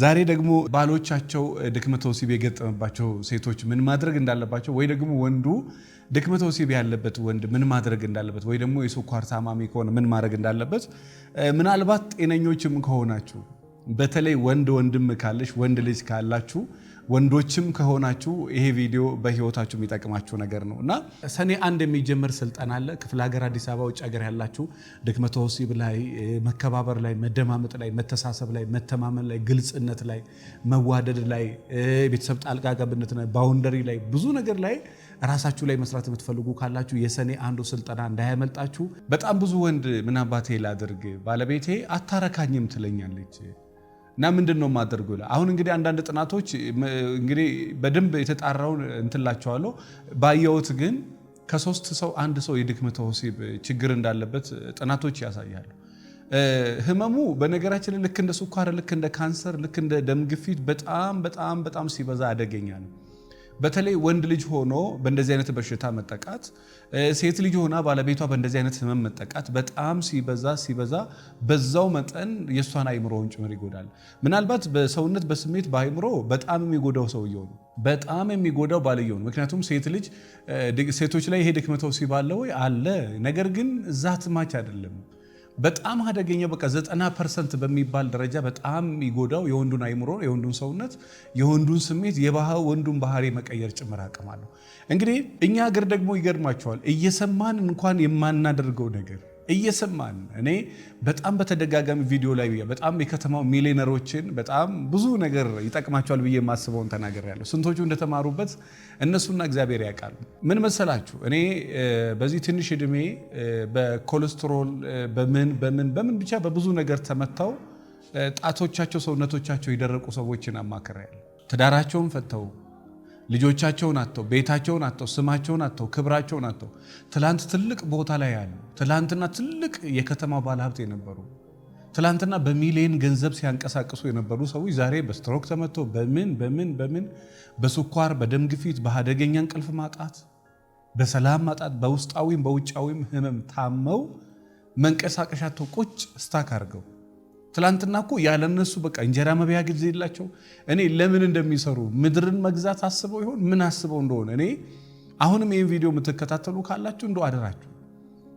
ዛሬ ደግሞ ባሎቻቸው ድክመተ ወሲብ የገጠመባቸው ሴቶች ምን ማድረግ እንዳለባቸው ወይ ደግሞ ወንዱ ድክመተ ወሲብ ያለበት ወንድ ምን ማድረግ እንዳለበት ወይ ደግሞ የስኳር ታማሚ ከሆነ ምን ማድረግ እንዳለበት ምናልባት ጤነኞችም ከሆናችሁ በተለይ ወንድ ወንድም ካለሽ ወንድ ልጅ ካላችሁ ወንዶችም ከሆናችሁ ይሄ ቪዲዮ በህይወታችሁ የሚጠቅማችሁ ነገር ነው እና ሰኔ አንድ የሚጀምር ስልጠና አለ። ክፍለ ሀገር፣ አዲስ አበባ፣ ውጭ ሀገር ያላችሁ ድክመተ ወሲብ ላይ መከባበር ላይ መደማመጥ ላይ መተሳሰብ ላይ መተማመን ላይ ግልጽነት ላይ መዋደድ ላይ ቤተሰብ ጣልቃ ገብነት ላይ ባውንደሪ ላይ ብዙ ነገር ላይ ራሳችሁ ላይ መስራት የምትፈልጉ ካላችሁ የሰኔ አንዱ ስልጠና እንዳያመልጣችሁ። በጣም ብዙ ወንድ ምናባቴ ላድርግ ባለቤቴ አታረካኝም ትለኛለች እና ምንድን ነው የማደርገው ይላል። አሁን እንግዲህ አንዳንድ ጥናቶች እንግዲህ በደንብ የተጣራውን እንትላቸዋለሁ ባየሁት ግን ከሶስት ሰው አንድ ሰው የድክመተ ወሲብ ችግር እንዳለበት ጥናቶች ያሳያሉ። ህመሙ በነገራችን ልክ እንደ ስኳር፣ ልክ እንደ ካንሰር፣ ልክ እንደ ደም ግፊት በጣም በጣም በጣም ሲበዛ አደገኛ ነው። በተለይ ወንድ ልጅ ሆኖ በእንደዚህ አይነት በሽታ መጠቃት ሴት ልጅ ሆና ባለቤቷ በእንደዚህ አይነት ህመም መጠቃት በጣም ሲበዛ ሲበዛ በዛው መጠን የእሷን አይምሮውን ጭምር ይጎዳል። ምናልባት በሰውነት በስሜት በአይምሮ በጣም የሚጎዳው ሰውየው ነው፣ በጣም የሚጎዳው ባልየው ነው። ምክንያቱም ሴት ልጅ ሴቶች ላይ ይሄ ድክመተው ሲባለ ወይ አለ ነገር ግን እዛ ትማች አይደለም በጣም አደገኛው በቃ ዘጠና ፐርሰንት በሚባል ደረጃ በጣም የሚጎዳው የወንዱን አይምሮ፣ የወንዱን ሰውነት፣ የወንዱን ስሜት፣ የባህ ወንዱን ባህሪ መቀየር ጭምር አቅም አለው። እንግዲህ እኛ ሀገር ደግሞ ይገርማቸዋል እየሰማን እንኳን የማናደርገው ነገር እየሰማን እኔ በጣም በተደጋጋሚ ቪዲዮ ላይ በጣም የከተማው ሚሊነሮችን በጣም ብዙ ነገር ይጠቅማቸዋል ብዬ የማስበውን ተናግሬያለሁ። ስንቶቹ እንደተማሩበት እነሱና እግዚአብሔር ያውቃል። ምን መሰላችሁ፣ እኔ በዚህ ትንሽ እድሜ በኮሌስትሮል በምን በምን በምን ብቻ በብዙ ነገር ተመተው ጣቶቻቸው፣ ሰውነቶቻቸው የደረቁ ሰዎችን አማክሬያለሁ። ትዳራቸውን ፈተው ልጆቻቸውን አጥተው ቤታቸውን አጥተው ስማቸውን አጥተው ክብራቸውን አጥተው ትላንት ትልቅ ቦታ ላይ ያሉ ትላንትና ትልቅ የከተማ ባለሀብት የነበሩ ትላንትና በሚሊየን ገንዘብ ሲያንቀሳቅሱ የነበሩ ሰዎች ዛሬ በስትሮክ ተመቶ በምን በምን በምን በስኳር በደም ግፊት በአደገኛ እንቅልፍ ማጣት በሰላም ማጣት በውስጣዊም በውጫዊም ህመም ታመው መንቀሳቀሻቸው ቁጭ ስታክ አድርገው ትላንትና እኮ ያለነሱ በቃ እንጀራ መብያ ጊዜ የላቸው። እኔ ለምን እንደሚሰሩ ምድርን መግዛት አስበው ይሆን ምን አስበው እንደሆነ እኔ አሁንም ይህን ቪዲዮ የምትከታተሉ ካላችሁ እንደ አደራችሁ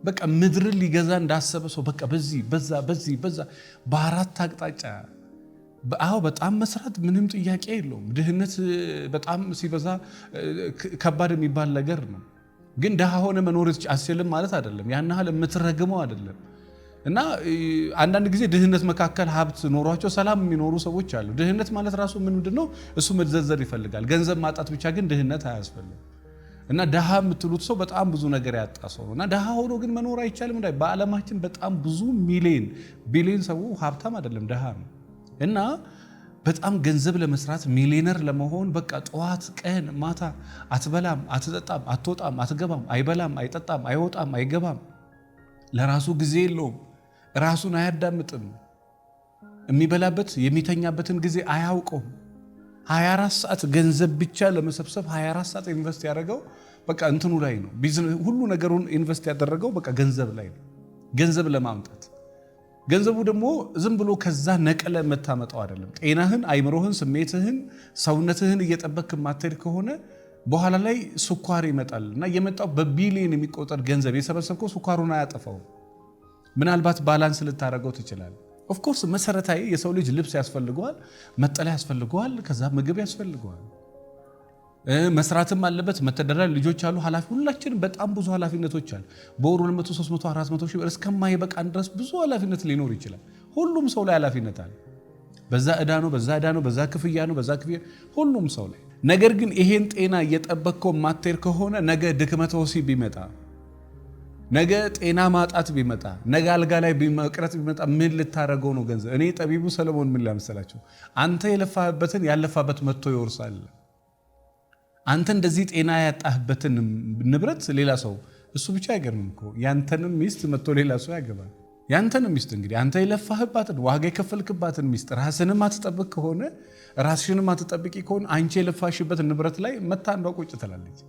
በቃ ምድርን ሊገዛ እንዳሰበ ሰው በቃ በዚህ በዛ በዚህ በዛ በአራት አቅጣጫ አዎ በጣም መስራት ምንም ጥያቄ የለውም። ድህነት በጣም ሲበዛ ከባድ የሚባል ነገር ነው። ግን ድሃ ሆነ መኖር አስችልም ማለት አይደለም። ያን ያህል የምትረግመው አይደለም። እና አንዳንድ ጊዜ ድህነት መካከል ሀብት ኖሯቸው ሰላም የሚኖሩ ሰዎች አሉ። ድህነት ማለት ራሱ ምን ምንድን ነው? እሱ መዘርዘር ይፈልጋል። ገንዘብ ማጣት ብቻ ግን ድህነት አያስፈልግም። እና ድሃ የምትሉት ሰው በጣም ብዙ ነገር ያጣ ሰው ነው። እና ድሃ ሆኖ ግን መኖር አይቻልም። በዓለማችን በጣም ብዙ ሚሊዮን ቢሊዮን ሰው ሀብታም አይደለም ድሃ ነው። እና በጣም ገንዘብ ለመስራት ሚሊዮነር ለመሆን በቃ ጠዋት ቀን ማታ አትበላም፣ አትጠጣም፣ አትወጣም፣ አትገባም፣ አይበላም፣ አይጠጣም፣ አይወጣም፣ አይገባም፣ ለራሱ ጊዜ የለውም ራሱን አያዳምጥም። የሚበላበት የሚተኛበትን ጊዜ አያውቀውም። 24 ሰዓት ገንዘብ ብቻ ለመሰብሰብ 24 ሰዓት ኢንቨስት ያደረገው በቃ እንትኑ ላይ ነው። ሁሉ ነገሩን ኢንቨስት ያደረገው በቃ ገንዘብ ላይ ነው፣ ገንዘብ ለማምጣት። ገንዘቡ ደግሞ ዝም ብሎ ከዛ ነቀለ መታመጣው አይደለም። ጤናህን፣ አይምሮህን፣ ስሜትህን፣ ሰውነትህን እየጠበክ ማትሄድ ከሆነ በኋላ ላይ ስኳር ይመጣል እና የመጣው በቢሊዮን የሚቆጠር ገንዘብ የሰበሰብከው ስኳሩን አያጠፋውም። ምናልባት ባላንስ ልታደረገው ትችላል። ኦፍኮርስ መሰረታዊ የሰው ልጅ ልብስ ያስፈልገዋል፣ መጠለያ ያስፈልገዋል፣ ከዛ ምግብ ያስፈልገዋል። መስራትም አለበት መተዳደሪያ ልጆች አሉ። ኃላፊ ሁላችንም በጣም ብዙ ኃላፊነቶች አሉ። በወሩ 200፣ ሺህ ብር እስከማይበቃን ድረስ ብዙ ኃላፊነት ሊኖር ይችላል። ሁሉም ሰው ላይ ኃላፊነት አለ። በዛ እዳ ነው፣ በዛ እዳ ነው፣ በዛ ክፍያ ነው፣ በዛ ክፍያ ሁሉም ሰው ላይ ነገር ግን ይሄን ጤና እየጠበቅከው ማቴር ከሆነ ነገ ድክመተ ወሲብ ቢመጣ ነገ ጤና ማጣት ቢመጣ ነገ አልጋ ላይ መቅረት ቢመጣ ምን ልታደረገው ነው ገንዘብ? እኔ ጠቢቡ ሰለሞን ምን ላመሰላቸው፣ አንተ የለፋህበትን ያለፋበት መጥቶ ይወርሳል። አንተ እንደዚህ ጤና ያጣህበትን ንብረት ሌላ ሰው እሱ ብቻ አይገርምም እኮ ያንተንም ሚስት መጥቶ ሌላ ሰው ያገባል። ያንተንም ሚስት እንግዲህ አንተ የለፋህባትን ዋጋ የከፈልክባትን ሚስት ራስንም አትጠብቅ ከሆነ ራስሽንም አትጠብቂ ከሆነ አንቺ የለፋሽበት ንብረት ላይ መታ አንዷ ቁጭ ትላለች።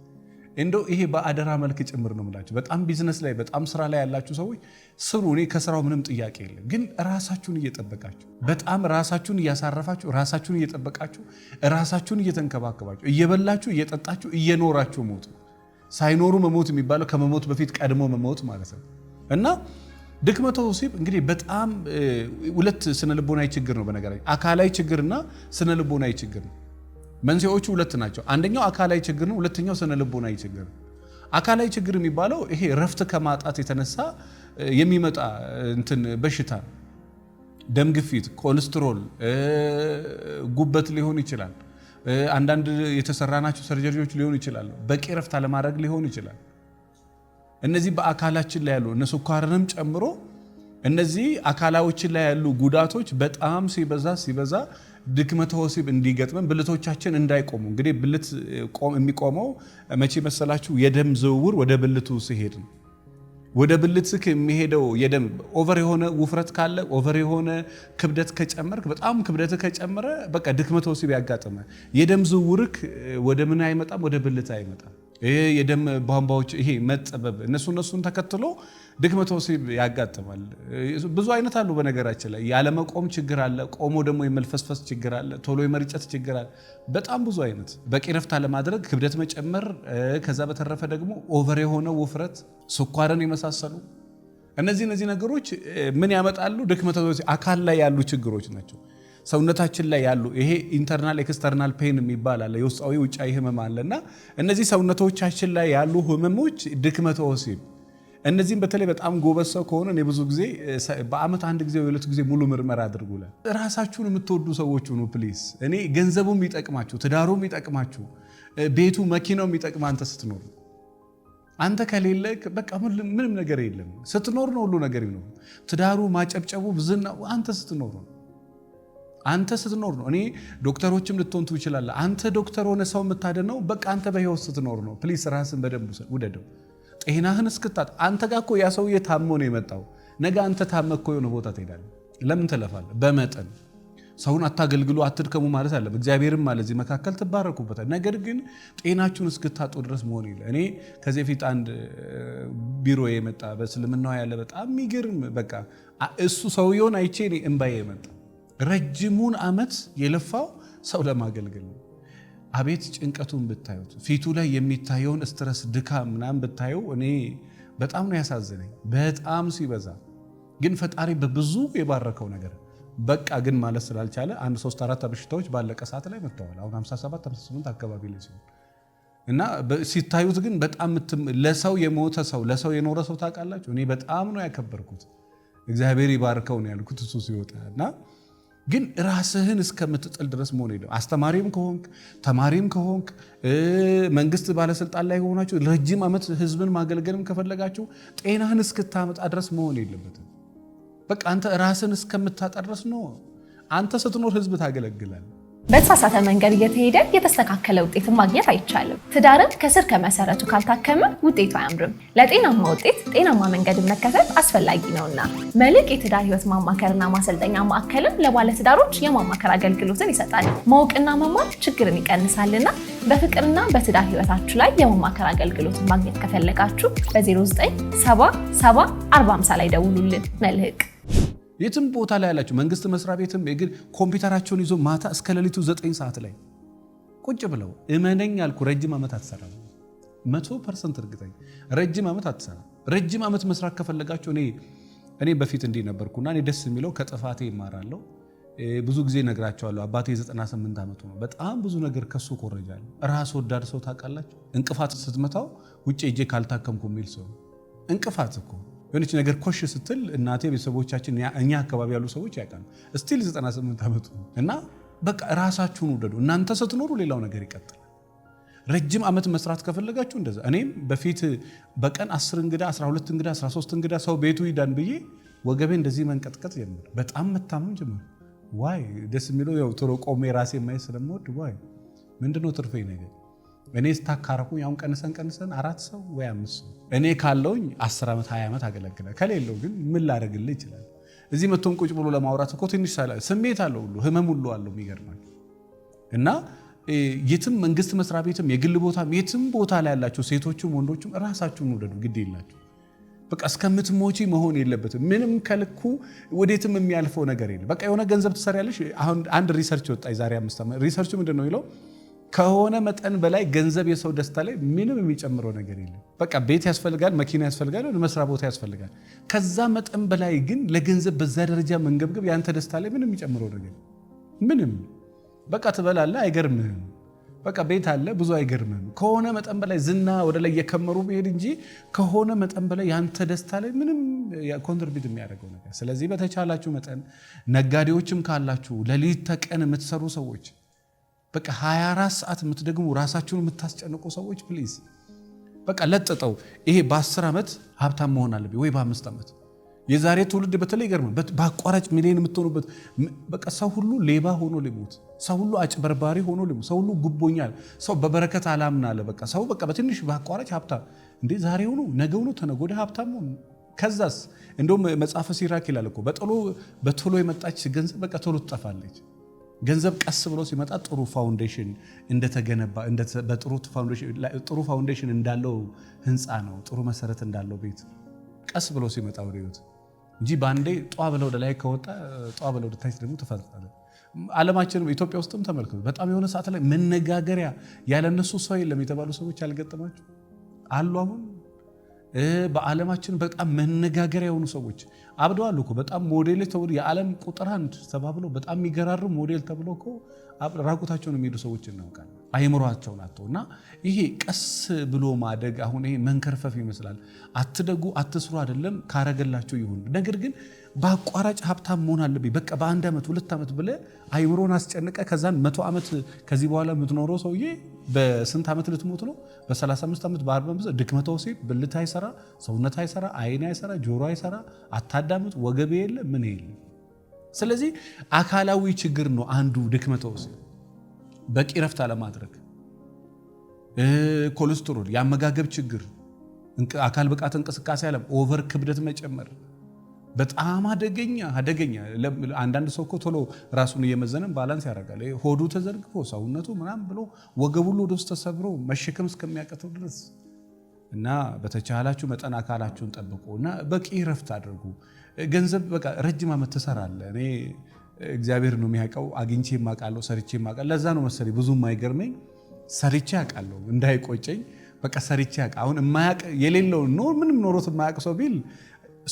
እንደው ይሄ በአደራ መልክ ጭምር ነው የምላችሁ። በጣም ቢዝነስ ላይ በጣም ስራ ላይ ያላችሁ ሰዎች ስሩ። እኔ ከስራው ምንም ጥያቄ የለም። ግን ራሳችሁን እየጠበቃችሁ በጣም ራሳችሁን እያሳረፋችሁ፣ ራሳችሁን እየጠበቃችሁ፣ ራሳችሁን እየተንከባከባችሁ፣ እየበላችሁ፣ እየጠጣችሁ፣ እየኖራችሁ ሞት ነው። ሳይኖሩ መሞት የሚባለው ከመሞት በፊት ቀድሞ መሞት ማለት ነው እና ድክመተ ወሲብ እንግዲህ በጣም ሁለት ስነልቦናዊ ችግር ነው። በነገራችን አካላዊ ችግርና ስነልቦናዊ ችግር ነው። መንስኤዎቹ ሁለት ናቸው። አንደኛው አካላዊ ችግር ነው። ሁለተኛው ስነ ልቦናዊ ችግር አካላዊ ችግር የሚባለው ይሄ ረፍት ከማጣት የተነሳ የሚመጣ እንትን በሽታ ደም ግፊት፣ ኮሌስትሮል፣ ጉበት ሊሆን ይችላል። አንዳንድ የተሰራናቸው ሰርጀሪዎች ሊሆን ይችላል። በቂ ረፍት አለማድረግ ሊሆን ይችላል። እነዚህ በአካላችን ላይ ያሉ እነ ስኳርንም ጨምሮ እነዚህ አካላዎችን ላይ ያሉ ጉዳቶች በጣም ሲበዛ ሲበዛ ድክመተ ወሲብ እንዲገጥመን ብልቶቻችን እንዳይቆሙ። እንግዲህ ብልት የሚቆመው መቼ መሰላችሁ? የደም ዝውውር ወደ ብልቱ ሲሄድ ነው። ወደ ብልት ስክ የሚሄደው የደም ኦቨር የሆነ ውፍረት ካለ ኦቨር የሆነ ክብደት ከጨመርክ በጣም ክብደት ከጨመረ በቃ ድክመተ ወሲብ ያጋጥመ። የደም ዝውውርክ ወደ ምን አይመጣም፣ ወደ ብልት አይመጣም። ይሄ የደም ቧንቧዎች ይሄ መጠበብ እነሱ እነሱን ተከትሎ ድክመት ወሲብ ያጋጥማል። ብዙ አይነት አሉ። በነገራችን ላይ ያለመቆም ችግር አለ። ቆሞ ደግሞ የመልፈስፈስ ችግር አለ። ቶሎ የመርጨት ችግር አለ። በጣም ብዙ አይነት በቂ ረፍት አለማድረግ፣ ክብደት መጨመር፣ ከዛ በተረፈ ደግሞ ኦቨር የሆነ ውፍረት፣ ስኳርን የመሳሰሉ እነዚህ እነዚህ ነገሮች ምን ያመጣሉ? ድክመት ወሲብ አካል ላይ ያሉ ችግሮች ናቸው። ሰውነታችን ላይ ያሉ ይሄ ኢንተርናል ኤክስተርናል ፔን የሚባል አለ፣ የውስጣዊ ውጫዊ ህመም አለ እና እነዚህ ሰውነቶቻችን ላይ ያሉ ህመሞች ድክመተ ወሲብ እነዚህም በተለይ በጣም ጎበዝ ሰው ከሆነ እኔ ብዙ ጊዜ በአመት አንድ ጊዜ ሁለት ጊዜ ሙሉ ምርመራ አድርጉላል። ራሳችሁን የምትወዱ ሰዎች ሁኑ ፕሊስ። እኔ ገንዘቡም ይጠቅማችሁ፣ ትዳሩም ይጠቅማችሁ፣ ቤቱ መኪናው ይጠቅም አንተ ስትኖር አንተ ከሌለ በቃ ምንም ነገር የለም። ስትኖር ነው ሁሉ ነገር ይኖር። ትዳሩ ማጨብጨቡ ብዝና አንተ ስትኖር ነው። አንተ ስትኖር ነው። እኔ ዶክተሮችም ልትሆን ትችላለህ። አንተ ዶክተር ሆነ ሰው የምታደነው በቃ አንተ በህይወት ስትኖር ነው። ፕሊስ ራስን በደንብ ውደደው። ጤናህን እስክታት አንተ ጋር እኮ ያ ሰውዬ ታሞ ነው የመጣው። ነገ አንተ ታመህ እኮ የሆነ ቦታ ትሄዳለህ። ለምን ትለፋለህ? በመጠን ሰውን አታገልግሉ አትድከሙ ማለት አለ። እግዚአብሔርም አለ እዚህ መካከል ትባረኩበታል። ነገር ግን ጤናችሁን እስክታጡ ድረስ መሆን ይለ እኔ ከዚህ ፊት አንድ ቢሮ የመጣ በእስልምናው ያለ በጣም የሚገርም በቃ እሱ ሰውየውን አይቼ እኔ እምባዬ የመጣ ረጅሙን ዓመት የለፋው ሰው ለማገልገል ነው። አቤት ጭንቀቱን ብታዩት ፊቱ ላይ የሚታየውን ስትረስ ድካም ምናምን ብታየው እኔ በጣም ነው ያሳዝነኝ። በጣም ሲበዛ ግን ፈጣሪ በብዙ የባረከው ነገር በቃ ግን ማለት ስላልቻለ አንድ ሶስት አራት በሽታዎች ባለቀ ሰዓት ላይ መጥተዋል። አሁን 57 58 አካባቢ ላይ ሲሆን እና ሲታዩት ግን በጣም ለሰው የሞተ ሰው ለሰው የኖረ ሰው ታውቃላችሁ። እኔ በጣም ነው ያከበርኩት። እግዚአብሔር ይባርከው ነው ያልኩት እሱ ሲወጣ እና ግን ራስህን እስከምትጥል ድረስ መሆን የለም። አስተማሪም ከሆንክ ተማሪም ከሆንክ መንግስት ባለስልጣን ላይ ከሆናችሁ ረጅም ዓመት ህዝብን ማገልገልም ከፈለጋችሁ ጤናህን እስክታመጣ ድረስ መሆን የለበትም። በቃ አንተ ራስህን እስከምታጠረስ ድረስ ነው። አንተ ስትኖር ህዝብ ታገለግላል። በተሳሳተ መንገድ እየተሄደ የተስተካከለ ውጤትን ማግኘት አይቻልም። ትዳርን ከስር ከመሰረቱ ካልታከመ ውጤቱ አያምርም። ለጤናማ ውጤት ጤናማ መንገድን መከተል አስፈላጊ ነውና መልሕቅ የትዳር ህይወት ማማከርና ማሰልጠኛ ማዕከልም ለባለትዳሮች የማማከር አገልግሎትን ይሰጣል። ማወቅና መማር ችግርን ይቀንሳልና በፍቅርና በትዳር ህይወታችሁ ላይ የማማከር አገልግሎትን ማግኘት ከፈለጋችሁ በ0977 45 ላይ ደውሉልን። መልሕቅ የትም ቦታ ላይ ያላቸው መንግስት መስሪያ ቤትም የግል ኮምፒውተራቸውን ይዞ ማታ እስከ ሌሊቱ ዘጠኝ ሰዓት ላይ ቁጭ ብለው እመነኝ አልኩ። ረጅም ዓመት አትሰራም። መቶ ፐርሰንት እርግጠኝ ረጅም ዓመት አትሰራም። ረጅም ዓመት መስራት ከፈለጋቸው እኔ እኔ በፊት እንዲህ ነበርኩና እኔ ደስ የሚለው ከጥፋቴ ይማራለሁ። ብዙ ጊዜ ነግራቸዋለሁ። አባቴ 98 ዓመቱ ነው። በጣም ብዙ ነገር ከሱ ኮረጃለሁ። ራስ ወዳድ ሰው ታውቃላችሁ። እንቅፋት ስትመታው ውጭ እጄ ካልታከምኩ የሚል ሰው እንቅፋት እኮ የሆነች ነገር ኮሽ ስትል እናቴ ቤተሰቦቻችን እኛ አካባቢ ያሉ ሰዎች ያውቃሉ። ስቲል 98 ዓመቱ እና በቃ ራሳችሁን ውደዱ። እናንተ ስትኖሩ ሌላው ነገር ይቀጥላል። ረጅም ዓመት መስራት ከፈለጋችሁ እንደዛ። እኔም በፊት በቀን 10 እንግዳ፣ 12 እንግዳ፣ 13 እንግዳ ሰው ቤቱ ይዳን ብዬ ወገቤ እንደዚህ መንቀጥቀጥ ጀመር። በጣም መታመም ጀመር። ዋይ ደስ የሚለው ቶሎ ቆሜ ራሴ ማየት ስለምወድ ዋይ ምንድነው ትርፌ ነገር እኔ ስታካረኩ ያሁን ቀንሰን ቀንሰን አራት ሰው ወይ አምስት ሰው እኔ ካለውኝ 10 ዓመት 20 ዓመት አገለግለ ከሌለው ግን ምን ላደርግልህ ይችላል። እዚህ መቶም ቁጭ ብሎ ለማውራት እኮ ትንሽ ስሜት አለው ሁሉ ህመም ሁሉ አለው። የሚገርማል እና የትም መንግስት መስሪያ ቤትም የግል ቦታም የትም ቦታ ላይ ያላቸው ሴቶችም ወንዶችም ራሳችሁን ውደዱ። ግድ የላቸው በቃ እስከምትሞቺ መሆን የለበትም። ምንም ከልኩ ወዴትም የሚያልፈው ነገር የለም። በቃ የሆነ ገንዘብ ትሰሪያለሽ። አሁን አንድ ሪሰርች ወጣ የዛሬ አምስት ዓመት ሪሰርቹ ምንድን ነው ይለው ከሆነ መጠን በላይ ገንዘብ የሰው ደስታ ላይ ምንም የሚጨምረው ነገር የለም። በቃ ቤት ያስፈልጋል፣ መኪና ያስፈልጋል፣ መስሪያ ቦታ ያስፈልጋል። ከዛ መጠን በላይ ግን ለገንዘብ በዛ ደረጃ መንገብገብ ያንተ ደስታ ላይ ምንም የሚጨምረው ነገር ምንም። በቃ ትበላለህ፣ አይገርምህም። በቃ ቤት አለ፣ ብዙ አይገርምህም። ከሆነ መጠን በላይ ዝና ወደ ላይ እየከመሩ ብሄድ እንጂ ከሆነ መጠን በላይ ያንተ ደስታ ላይ ምንም ኮንትሪቢዩት የሚያደርገው ነገር። ስለዚህ በተቻላችሁ መጠን ነጋዴዎችም ካላችሁ ለሊት ተቀን የምትሰሩ ሰዎች በቃ 24 ሰዓት የምትደግሙ ራሳችሁን የምታስጨንቁ ሰዎች ፕሊዝ በቃ ለጥጠው። ይሄ በ10 ዓመት ሀብታም መሆን አለብኝ ወይ በ5 ዓመት የዛሬ ትውልድ በተለይ ይገርማል። በአቋራጭ ሚሊዮን የምትሆኑበት በቃ ሰው ሁሉ ሌባ ሆኖ ሊሞት፣ ሰው ሁሉ አጭበርባሪ ሆኖ ሊሞት፣ ሰው ሁሉ ጉቦኛል፣ ሰው በበረከት አላምን አለ። በቃ ሰው በቃ በትንሽ በአቋራጭ ሀብታም እንዴ! ዛሬ ሆኖ ነገ ሆኖ ተነጎደ ሀብታም ሆኖ ከዛስ እንደውም መጽሐፈ ሲራክ ይላል እኮ በቶሎ የመጣች ገንዘብ በቃ ቶሎ ትጠፋለች። ገንዘብ ቀስ ብሎ ሲመጣ ጥሩ ፋውንዴሽን እንደተገነባ ጥሩ ፋውንዴሽን እንዳለው ህንፃ ነው፣ ጥሩ መሰረት እንዳለው ቤት ቀስ ብሎ ሲመጣ ወደ ህይወት እንጂ በአንዴ ጠዋ ብለ ወደ ላይ ከወጣ ጠዋ ብለ ወደ ታች ደግሞ ተፈጥጣለ። ዓለማችንም ኢትዮጵያ ውስጥም ተመልክቶ በጣም የሆነ ሰዓት ላይ መነጋገሪያ ያለነሱ ሰው የለም የተባሉ ሰዎች አልገጠማቸው አሉ። አሁን በዓለማችን በጣም መነጋገሪያ የሆኑ ሰዎች አብደዋል እኮ በጣም ሞዴል ተብሎ የዓለም ቁጥር አንድ ተባብሎ በጣም የሚገራርም ሞዴል ተብሎ እኮ ራቁታቸውን የሚሄዱ ሰዎች እናውቃለን። አይምሯቸው ናቸው እና ይሄ ቀስ ብሎ ማደግ አሁን ይሄ መንከርፈፍ ይመስላል። አትደጉ አትስሩ አይደለም ካረገላቸው ይሁን። ነገር ግን በአቋራጭ ሀብታም መሆን አለብኝ በቃ በአንድ ዓመት ሁለት ዓመት ብለ አይምሮን አስጨንቀ ከዛን መቶ ዓመት ከዚህ በኋላ የምትኖረው ሰውዬ በስንት ዓመት ልትሞት ነው? በ35 ዓመት በ ድክመተ ወሲብ ብልት አይሰራ፣ ሰውነት አይሰራ፣ አይን አይሰራ፣ ጆሮ አይሰራ ሳዳምጥ ወገብ የለ ምን የለ። ስለዚህ አካላዊ ችግር ነው አንዱ ድክመት ወሲብ፣ በቂ ረፍት አለማድረግ፣ ኮሌስትሮል፣ የአመጋገብ ችግር፣ አካል ብቃት እንቅስቃሴ አለም፣ ኦቨር ክብደት መጨመር በጣም አደገኛ አደገኛ። አንዳንድ ሰው እኮ ቶሎ ራሱን እየመዘነም ባላንስ ያደርጋል። ሆዱ ተዘርግፎ ሰውነቱ ምናምን ብሎ ወገቡ ሁሉ ወደ ውስጥ ተሰብሮ መሸከም እስከሚያቀተው ድረስ እና በተቻላችሁ መጠን አካላችሁን ጠብቁ እና በቂ ረፍት አድርጉ። ገንዘብ በቃ ረጅም ዓመት ትሰራለህ። እኔ እግዚአብሔር ነው የሚያውቀው፣ አግኝቼ የማውቃለሁ፣ ሰርቼ የማውቃለሁ። ለዛ ነው መሰለኝ ብዙ የማይገርመኝ ሰርቼ አውቃለሁ እንዳይቆጨኝ። በቃ ሰርቼ አውቃለሁ። አሁን የማያውቅ የሌለው ምንም ኖሮት የማያውቅ ሰው ቢል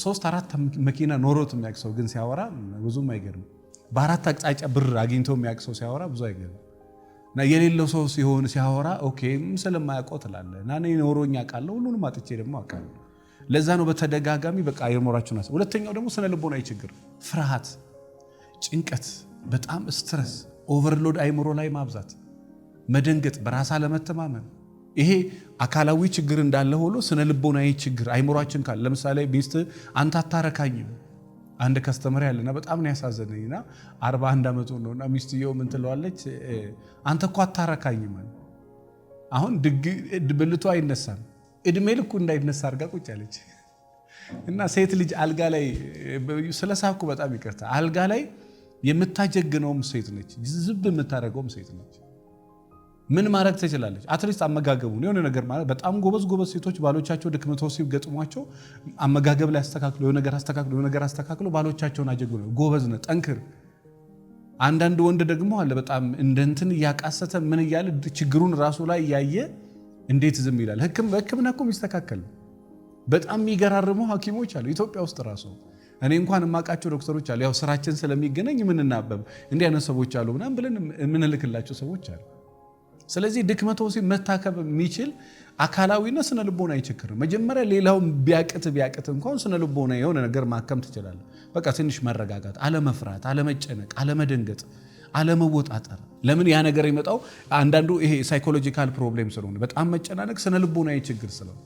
ሶስት አራት መኪና ኖሮት የሚያውቅ ሰው ግን ሲያወራ ብዙም አይገርም። በአራት አቅጣጫ ብር አግኝቶ የሚያውቅ ሰው ሲያወራ ብዙ አይገርም። እና የሌለው ሰው ሲሆን ሲያወራ ኦኬ ስለማያውቀው ትላለህ እና እኔ ኖሮኝ አውቃለሁ፣ ሁሉንም አጥቼ ደግሞ አውቃለሁ። ለዛ ነው በተደጋጋሚ በቃ የኖራችሁን። ሁለተኛው ደግሞ ስነ ልቦናዊ ችግር፣ ፍርሃት፣ ጭንቀት፣ በጣም ስትረስ፣ ኦቨርሎድ አይምሮ ላይ ማብዛት፣ መደንገጥ፣ በራስ አለመተማመን። ይሄ አካላዊ ችግር እንዳለ ሆኖ ስነ ልቦናዊ ችግር አይምሯችን ካለ ለምሳሌ ሚስት አንተ አታረካኝም አንድ ከስተመር ያለና በጣም ነው ያሳዘነኝና አንድ ዓመቱ ነውና ሚስትየው ምን ትለዋለች? አንተ እኮ አታረካኝም። አሁን ብልቱ አይነሳም እድሜ ልኩ እንዳይነሳ አድርጋ ቁጭ አለች። እና ሴት ልጅ አልጋ ላይ ስለሳኩ በጣም ይቅርታ፣ አልጋ ላይ የምታጀግነውም ሴት ነች፣ ዝብ የምታደርገውም ሴት ነች። ምን ማድረግ ትችላለች? አትሊስት አመጋገቡ የሆነ ነገር ማለት በጣም ጎበዝ ጎበዝ ሴቶች ባሎቻቸው ድክመት ወሲብ ገጥሟቸው አመጋገብ ላይ አስተካክሎ የሆነ ነገር አስተካክሎ የሆነ ነገር አስተካክሎ ባሎቻቸውን አጀጉ ጎበዝ ነው፣ ጠንክር። አንዳንድ ወንድ ደግሞ አለ በጣም እንደ እንትን እያቃሰተ ምን እያለ ችግሩን ራሱ ላይ እያየ እንዴት ዝም ይላል? በሕክምና እኮ ይስተካከል። በጣም የሚገራርሙ ሐኪሞች አሉ ኢትዮጵያ ውስጥ ራሱ እኔ እንኳን የማውቃቸው ዶክተሮች አሉ። ያው ስራችን ስለሚገናኝ የምንናበብ እንዲህ አይነት ሰዎች አሉ ምናምን ብለን የምንልክላቸው ሰዎች አሉ። ስለዚህ ድክመቶ መታከም የሚችል አካላዊና ስነ ልቦና ችግር ነው። መጀመሪያ ሌላውን ቢያቅት ቢያቅት እንኳን ስነ ልቦና የሆነ ነገር ማከም ትችላለ። በቃ ትንሽ መረጋጋት፣ አለመፍራት፣ አለመጨነቅ፣ አለመደንገጥ፣ አለመወጣጠር። ለምን ያ ነገር የመጣው አንዳንዱ ይሄ ሳይኮሎጂካል ፕሮብሌም ስለሆነ በጣም መጨናነቅ ስነ ልቦና ችግር ስለሆነ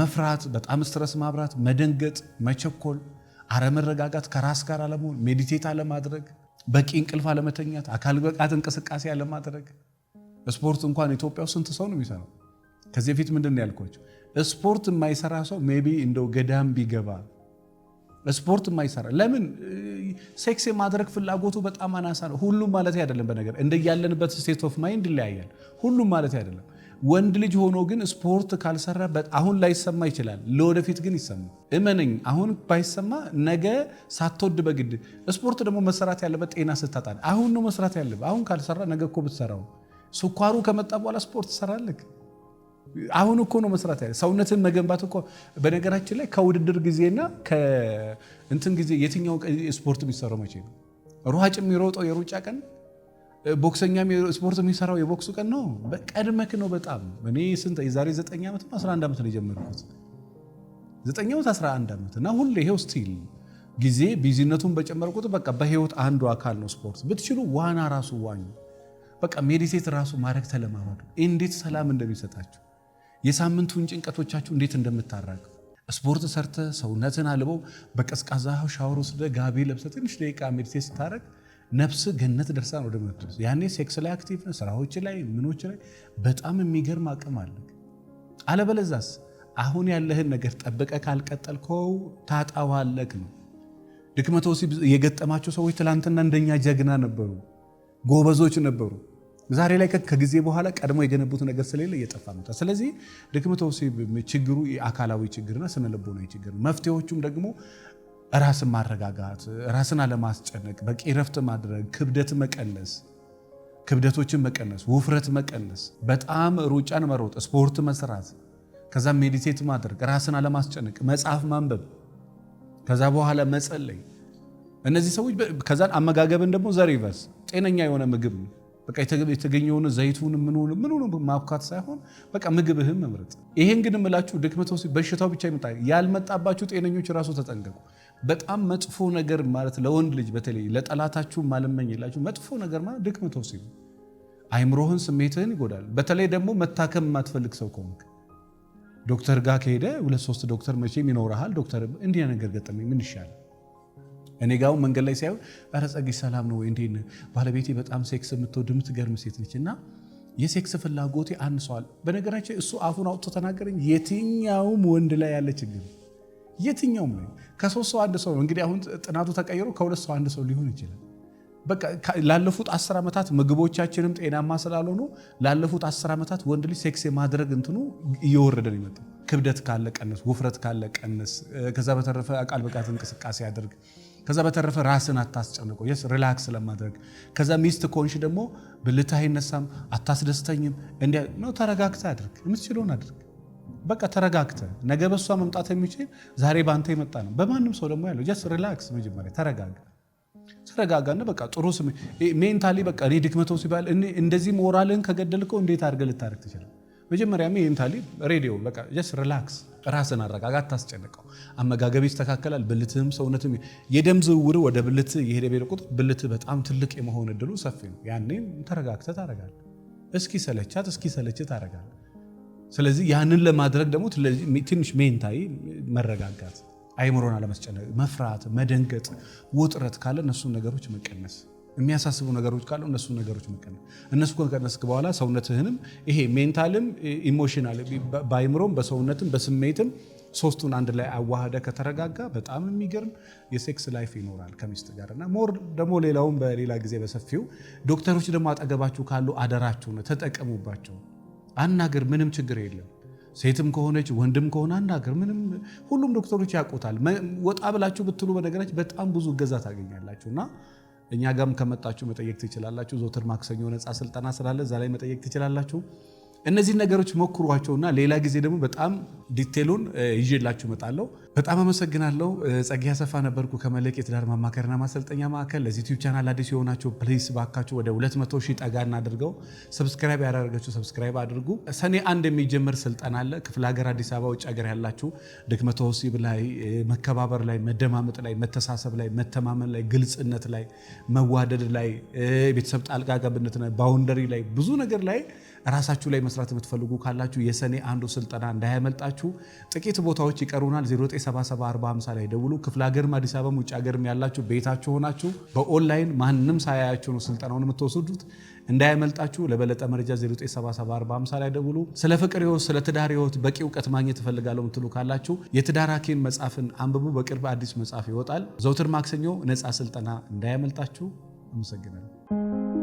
መፍራት፣ በጣም ስትረስ ማብራት፣ መደንገጥ፣ መቸኮል፣ አለመረጋጋት፣ ከራስ ጋር አለመሆን፣ ሜዲቴት አለማድረግ፣ በቂ እንቅልፍ አለመተኛት፣ አካል ብቃት እንቅስቃሴ አለማድረግ ስፖርት እንኳን ኢትዮጵያ ውስጥ ስንት ሰው ነው የሚሰራው? ከዚህ በፊት ምንድን ያልኳቸው ስፖርት የማይሰራ ሰው ሜቢ እንደው ገዳም ቢገባ ስፖርት የማይሰራ ለምን ሴክስ የማድረግ ፍላጎቱ በጣም አናሳ ነው። ሁሉም ማለት አይደለም። በነገር እንደያለንበት ስቴት ኦፍ ማይንድ ይለያያል። ሁሉም ማለት አይደለም። ወንድ ልጅ ሆኖ ግን ስፖርት ካልሰራ አሁን ላይሰማ ይችላል፣ ለወደፊት ግን ይሰማ። እመነኝ፣ አሁን ባይሰማ ነገ ሳትወድ በግድ ስፖርት ደግሞ መሰራት ያለበት ጤና ስታጣ አሁን ነው መስራት ያለበት። አሁን ካልሰራ ነገ እኮ ብትሰራው ስኳሩ ከመጣ በኋላ ስፖርት ትሰራለህ። አሁን እኮ ነው መስራት ያለ ሰውነትን መገንባት እኮ። በነገራችን ላይ ከውድድር ጊዜና ከእንትን ጊዜ የትኛው ስፖርት የሚሰራው መቼ ነው? ሯጭ የሚሮጠው የሩጫ ቀን፣ ቦክሰኛ ስፖርት የሚሰራው የቦክሱ ቀን ነው። ቀድመክ ነው በጣም እኔ ስንት የዛሬ 9 ዓመት 11 ዓመት ነው የጀመርኩት 9 ዓመት 11 ዓመት እና ሁሌ ይሄው ስቲል ጊዜ ቢዚነቱን በጨመረ ቁጥር በቃ በህይወት አንዱ አካል ነው ስፖርት። ብትችሉ ዋና ራሱ ዋኙ። በቃ ሜዲቴት ራሱ ማድረግ ተለማመዱ። እንዴት ሰላም እንደሚሰጣችሁ የሳምንቱን ጭንቀቶቻችሁ እንዴት እንደምታራቅ ስፖርት ሰርተ ሰውነትን አልበው በቀዝቃዛ ሻወር ወስደ ጋቢ ለብሰ ትንሽ ደቂቃ ሜዲቴት ስታደረግ ነፍስ ገነት ደርሳ ነው ወደምትደርስ። ያኔ ሴክስ ላይ አክቲቭ ስራዎች ላይ ምኖች ላይ በጣም የሚገርም አቅም አለ። አለበለዛስ አሁን ያለህን ነገር ጠብቀ ካልቀጠልከው ታጣዋለክ ነው። ድክመተ ወሲብ የገጠማቸው ሰዎች ትላንትና እንደኛ ጀግና ነበሩ፣ ጎበዞች ነበሩ። ዛሬ ላይ ከጊዜ በኋላ ቀድሞ የገነቡት ነገር ስለሌለ እየጠፋ መጣ። ስለዚህ ድክመተ ወሲብ ችግሩ የአካላዊ ችግርና ስነ ልቦናዊ ችግር ነው። መፍትሄዎቹም ደግሞ ራስን ማረጋጋት፣ ራስን አለማስጨነቅ፣ በቂ ረፍት ማድረግ፣ ክብደት መቀነስ ክብደቶችን መቀነስ፣ ውፍረት መቀነስ፣ በጣም ሩጫን መሮጥ፣ ስፖርት መስራት፣ ከዛ ሜዲቴት ማድረግ፣ ራስን አለማስጨነቅ፣ መጽሐፍ ማንበብ፣ ከዛ በኋላ መጸለይ። እነዚህ ሰዎች ከዛን አመጋገብን ደግሞ ዘሪቨርስ ጤነኛ የሆነ ምግብ ነው። በቃ የተገኘውን ዘይቱን ምንሆን ምንሆን ማብካት ሳይሆን በቃ ምግብህን መምረጥ። ይሄን ግን እምላችሁ ድክመተው በሽታው ብቻ ይመጣ ያልመጣባችሁ ጤነኞች ራሱ ተጠንቀቁ። በጣም መጥፎ ነገር ማለት ለወንድ ልጅ በተለይ ለጠላታችሁ ማለመኝላችሁ መጥፎ ነገር ማለት ድክመተው ሲሉ አይምሮህን፣ ስሜትህን ይጎዳል። በተለይ ደግሞ መታከም የማትፈልግ ሰው ከሆንክ ዶክተር ጋር ከሄደ ሁለት ሶስት ዶክተር መቼም ይኖረሃል። ዶክተር እንዲህ ነገር ገጠመኝ ምን ይሻላል እኔ ጋውን መንገድ ላይ ሲያዩ ኧረ ጸግሽ ሰላም ነው ወይ እንዴት ባለቤቴ በጣም ሴክስ የምትወድ የምትገርም ሴት ነች እና የሴክስ ፍላጎቴ አንሷል። በነገራችን እሱ አፉን አውጥቶ ተናገረኝ። የትኛውም ወንድ ላይ ያለ ችግር የትኛውም ላይ ከሶስት ሰው አንድ ሰው እንግዲህ አሁን ጥናቱ ተቀይሮ ከሁለት ሰው አንድ ሰው ሊሆን ይችላል። በቃ ላለፉት አስር ዓመታት ምግቦቻችንም ጤናማ ስላልሆኑ ላለፉት አስር ዓመታት ወንድ ልጅ ሴክስ የማድረግ እንትኑ እየወረደ ነው ይመጣ። ክብደት ካለ ውፍረት ካለ ከዛ በተረፈ አቃል ብቃት እንቅስቃሴ አድርግ ከዛ በተረፈ ራስን አታስጨንቀው። የስ ሪላክስ ለማድረግ ከዛ ሚስት ከሆንሽ ደግሞ ብልት አይነሳም፣ አታስደስተኝም እንዲ ነው። ተረጋግተህ አድርግ፣ የምትችለውን አድርግ። በቃ ተረጋግተ ነገ በእሷ መምጣት የሚችል ዛሬ በአንተ የመጣ ነው። በማንም ሰው ደግሞ ያለው ስ ሪላክስ፣ መጀመሪያ ተረጋጋ ተረጋጋና በቃ ጥሩ ስሜ ሜንታሊ በቃ እኔ ድክመተው ሲባል እንደዚህ ሞራልን ከገደልከው እንዴት አድርገ ልታደርግ ትችላል? መጀመሪያ ይህን ታሊም ሬዲዮ በቃ ጀስት ሪላክስ፣ ራስን አረጋጋት፣ ታስጨንቀው አመጋገብ ይስተካከላል። ብልትህም ሰውነትም የደም ዝውውር ወደ ብልት የሄደ ቤደ ቁጥር ብልት በጣም ትልቅ የመሆን እድሉ ሰፊ ነው። ያኔ ተረጋግተ ታደርጋለህ። እስኪ ሰለቻት እስኪ ሰለች ታደርጋለህ። ስለዚህ ያንን ለማድረግ ደግሞ ትንሽ ሜንታይ መረጋጋት፣ አይምሮን አለመስጨነቅ፣ መፍራት፣ መደንገጥ፣ ውጥረት ካለ እነሱን ነገሮች መቀነስ የሚያሳስቡ ነገሮች ካሉ እነሱ ነገሮች መቀነስ እነሱ ከቀነስክ በኋላ ሰውነትህንም ይሄ ሜንታልም ኢሞሽናል በአይምሮም በሰውነትም በስሜትም ሶስቱን አንድ ላይ አዋህደ ከተረጋጋ በጣም የሚገርም የሴክስ ላይፍ ይኖራል ከሚስት ጋር እና ሞር ደግሞ ሌላውም በሌላ ጊዜ በሰፊው ዶክተሮች ደግሞ አጠገባችሁ ካሉ አደራችሁ ነው ተጠቀሙባቸው አናገር ምንም ችግር የለም ሴትም ከሆነች ወንድም ከሆነ አናገር ምንም ሁሉም ዶክተሮች ያውቁታል ወጣ ብላችሁ ብትሉ በነገራችሁ በጣም ብዙ እገዛ ታገኛላችሁ እና እኛ ጋም ከመጣችሁ መጠየቅ ትችላላችሁ። ዞትር ማክሰኞ ነፃ ስልጠና ስላለ እዛ ላይ መጠየቅ ትችላላችሁ። እነዚህን ነገሮች ሞክሯቸውና ሌላ ጊዜ ደግሞ በጣም ዲቴሉን ይዤላችሁ እመጣለሁ። በጣም አመሰግናለሁ። ጸጋዬ አሰፋ ነበርኩ ከመልሕቅ የትዳር ማማከርና ማሰልጠኛ ማዕከል። ለዚህ ዩቲዩብ ቻናል አዲስ የሆናችሁ ፕሊስ ባካችሁ ወደ 200 ሺህ ጠጋ እናድርገው። ሰብስክራይብ ያደረገችው ሰብስክራይብ አድርጉ። ሰኔ አንድ የሚጀምር ስልጠና አለ። ክፍለ ሀገር፣ አዲስ አበባ፣ ውጭ ሀገር ያላችሁ ድክመተ ወሲብ ላይ፣ መከባበር ላይ፣ መደማመጥ ላይ፣ መተሳሰብ ላይ፣ መተማመን ላይ፣ ግልጽነት ላይ፣ መዋደድ ላይ፣ ቤተሰብ ጣልቃ ገብነት ላይ፣ ባውንደሪ ላይ፣ ብዙ ነገር ላይ ራሳችሁ ላይ መስራት የምትፈልጉ ካላችሁ የሰኔ አንዱ ስልጠና እንዳያመልጣችሁ። ጥቂት ቦታዎች ይቀሩናል። 0977450 ላይ ደውሉ። ክፍለ ሀገርም አዲስ አበባም ውጭ ሀገርም ያላችሁ ቤታችሁ ሆናችሁ በኦንላይን ማንም ሳያያችሁ ነው ስልጠናውን የምትወስዱት። እንዳያመልጣችሁ። ለበለጠ መረጃ 0977450 ላይ ደውሉ። ስለ ፍቅር ህይወት፣ ስለ ትዳር ህይወት በቂ እውቀት ማግኘት እፈልጋለሁ የምትሉ ካላችሁ የትዳር ሐኪም መጽሐፍን አንብቡ። በቅርብ አዲስ መጽሐፍ ይወጣል። ዘውትር ማክሰኞ ነፃ ስልጠና እንዳያመልጣችሁ። አመሰግናለሁ።